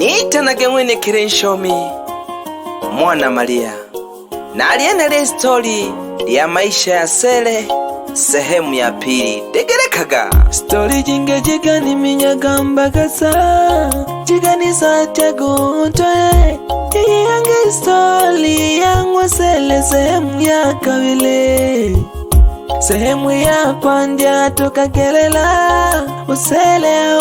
niithanage mwene nshomi mwana maria na alienele stori lya maisha ya Sele sehemu ya pili degelekaga stori jinge jigani minyagambagasa jiganisa tegutoe iyange stori yangwa Sele sehemu ya kabili sehemu ya pandya tokagelela usele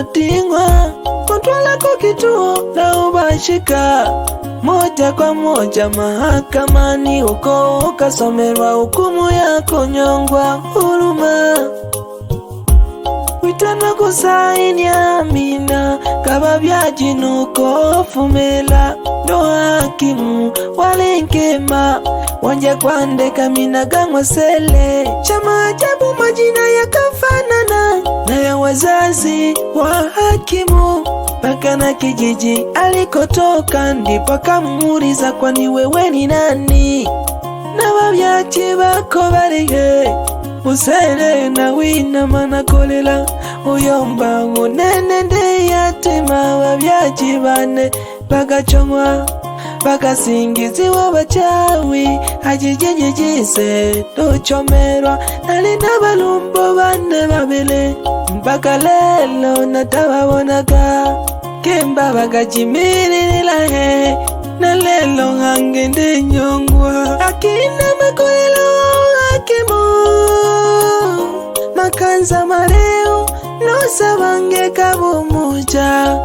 utingwa kontrola kwa kituo na ubashika moja kwa moja mahakamani, uko ukasomerwa hukumu ya kunyongwa. Huruma witana kusaini, Amina kababya jinuko fumela ndo hakimu walenkema wanja kwandeka mina gangwa sele chama ajabu majina ya wazazi wa hakimu mpaka na kijiji alikotoka, ndipo akamuuliza kwani wewe ni nani? na babyachi bako valihe usele na mana kolela uyomba ndi yatima babyachi bane bagacongwa mpaka wa bachawi hajijenye jise tuchomerwa nalina balumbo bane babili mpaka lelo natababonaga kemba he na lelo hange ndi nyongwa akina makolelo akimo makanza mareo nosa bange kabumuja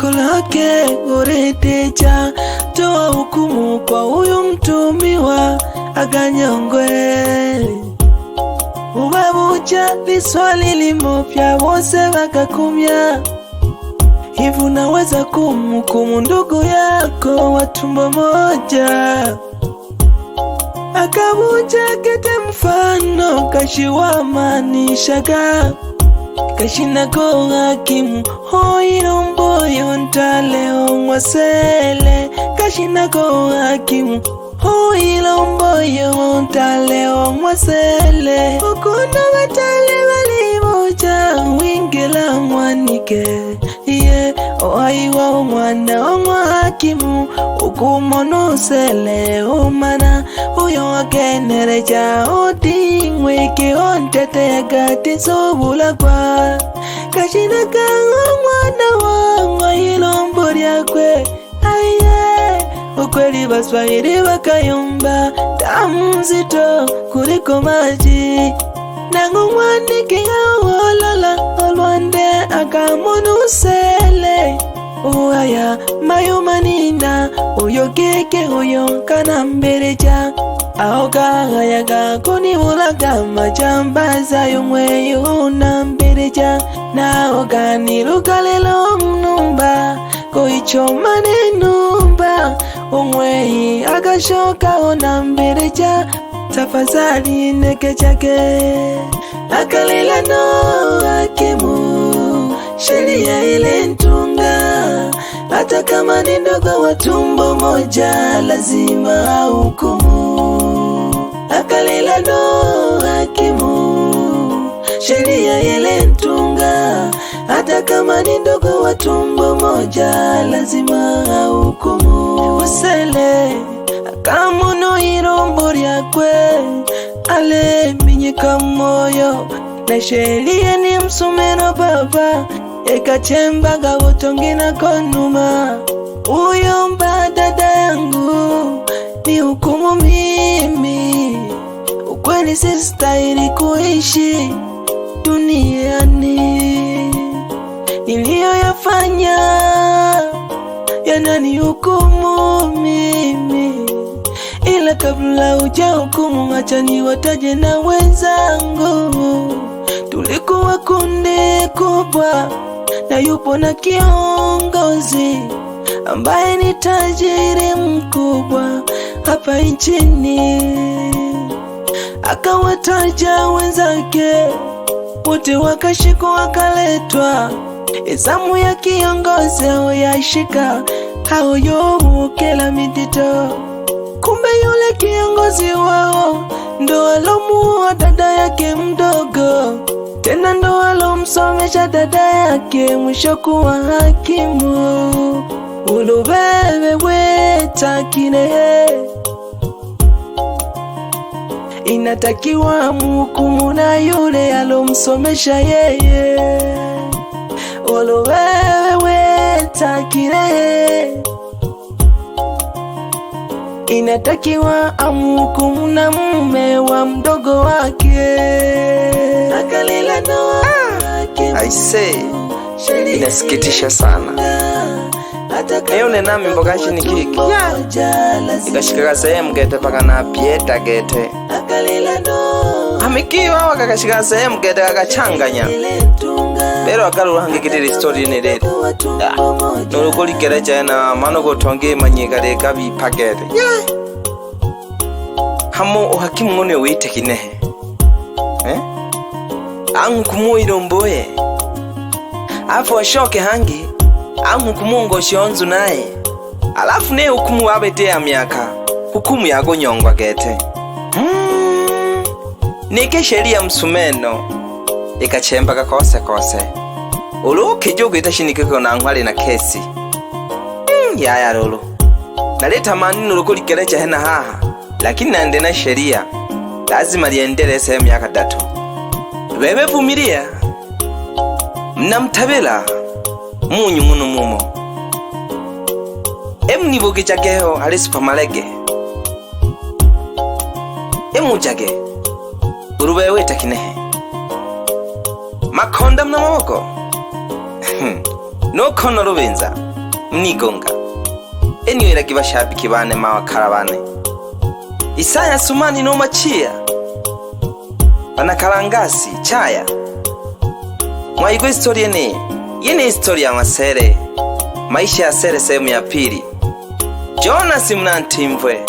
kolake ureteja kutoa hukumu kwa huyu mtumiwa akanyongwe. Ubabuja liswali limopya wose wakakumya, hivu naweza kumhukumu ndugu yako watumbo tumbo moja? Akabuja kete mfano kashiwamanishaga kashinako hakimu hoilomboyo ntaleo ng'wasele oshinako hakimu huilomboyo ntale omwasele okuno batale baliboja wingila mwanike ye oaiwa omwana omwahakimu okumona osele omana oyo akenereja oting'wiki onteteyaga tinsobulakwa kashinaka omwana wang'wa ilombo lyakwe kweli Baswahili wakayumba, tamu nzito kuliko maji nangumwandikia wolola olwande akamunu sele uwaya mayumanina uyo keke uyo kana mbereja aho gahaya gakunibulaga majambaza yumwe yuna mbereja naho ganilukalelo mnumba chako icho manenumba omweyi akashoka onambereja tafazali neke chake akalelano akemu sheria ile ntunga hata kama ni ndogo wa tumbo moja lazima hukumu akalelano hakimu sheria ile ntunga hata kama ni ndogo wa tumbo moja, lazima ahukumu usele akamuno irombo ryakwe alemenyeka moyo na sheria ni msumeno baba ekachembaga na konuma uyo mba dada yangu ni hukumu mimi ukweli sistahili kuishi duniani hukumu mimi, ila kabla hukumu, acha niwataje na wenzangu. Tulikuwa kundi kubwa, na yupo na kiongozi ambaye ni tajiri mkubwa hapa nchini, akawataja wenzake wote, wakashikwa wakaletwa. Zamu ya kiongozi au yashika aoyohukela mitito. Kumbe yule kiongozi wao ndo alomuoa dada yake mdogo, tena ndo alomsomesha dada yake mwisho kuwa hakimu. ulubebe wetakine inatakiwa mukumu na yule alomsomesha yeye. ulubebe takire inatakiwa amhukumu na mume wa mdogo wake akalila ndoa yake. Ah, inasikitisha sana. eyune nami ni kiki ikashikaka sehemu gete paka pieta gete hamikiwa wakakashikaka sehemu gete kakachanganya lero akalulangikitira isitori ine lero nolikulikela cena manokothonge manyika leka hamo uhakimu ng'one wiite kinehe eh? ankhukumuwa ilomboye afu ashoke hangi ankhukumuwa ngoshionzu naye alafu ne hukumu waweteya myaka hukumu yakunyongwa kete hmm. nike sheria msumeno ikachemba kakose kose uluki jugwita shinikeko nankhwale na kesi mm, yaya lolo naleta manino lukulikelecha hena haha lakini nande na sheria lazima liendele sehemu yaka tatu lwevevumilia mnamthavela munyu muno mumo emnivukicakeho ali supamalege emucake uluveweta kinehe makonda mna mawoko Hmm. nokono rubenza mnigonga eniwelagi bashabiki bane mawakhala bane isaya sumani nomachiya banakalangasi chaya mwaigwa isitori ene yene isitori ya masere maisha ya sere sehemu ya pili jonasi mnantimvwe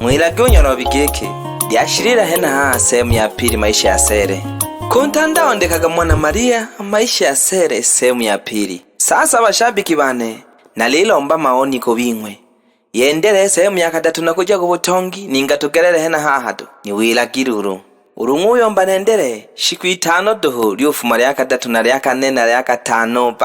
mwilagi unyolobigiki lyashilila hena haa sehemu ya pili maisha ya sere Ku mtandao ndekaga mwana Maria maisha ya sere sehemu ya pili. Sasa bashabiki bane nalilomba maoni bing'we yendele sehemu ya kadatu nakuja kubutongi ningatukelele hena hahatu niwilagilulu ulung'uyomba nendele shiku itano duhu lyufuma lya kadatu na lya kane na lya